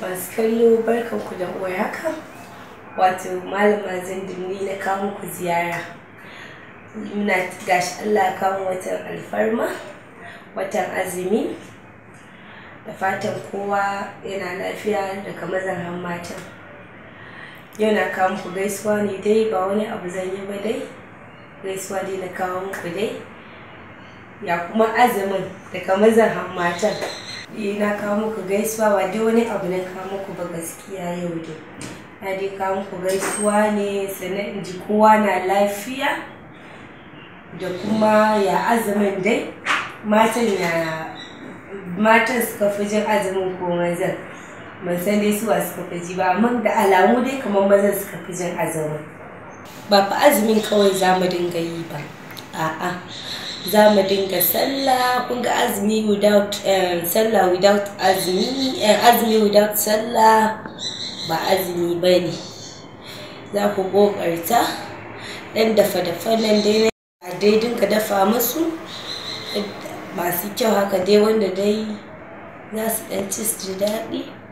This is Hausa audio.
masu kallo barkanku da warhaka wato malama zindimni na kawo ku ziyara muna gashi allah kawo watan alfarma watan azumi da fatan kowa yana lafiya daga mazan matan yau na kawo muku gaisuwa ne dai ba wani abu zan yi ba dai gaisuwa dai na kawo muku dai ya kuma azumin daga mazan matan eh na kawo muku gaisuwa ba dai wani abu na kawo muku ba gaskiya yau dai na dai kawo muku gaisuwa ne sannan in ji kowa na lafiya da kuma ya azumin dai matan ya matan suka fi jin azumin ko mazan ban san dai suwa suka fi ji ba amma da alamu dai kamar mazan suka fi jin azumin ba fa azumin kawai za mu dinga yi ba a'a za mu dinga sallah kun ga azumi without eh, sallah without azumi eh, azumi without sallah ba azumi ba ne za ku kokarta ɗan dafa-dafa nan dai a dai dinka dafa musu masu kyau haka dai wanda dai za su ɗan ci su daɗi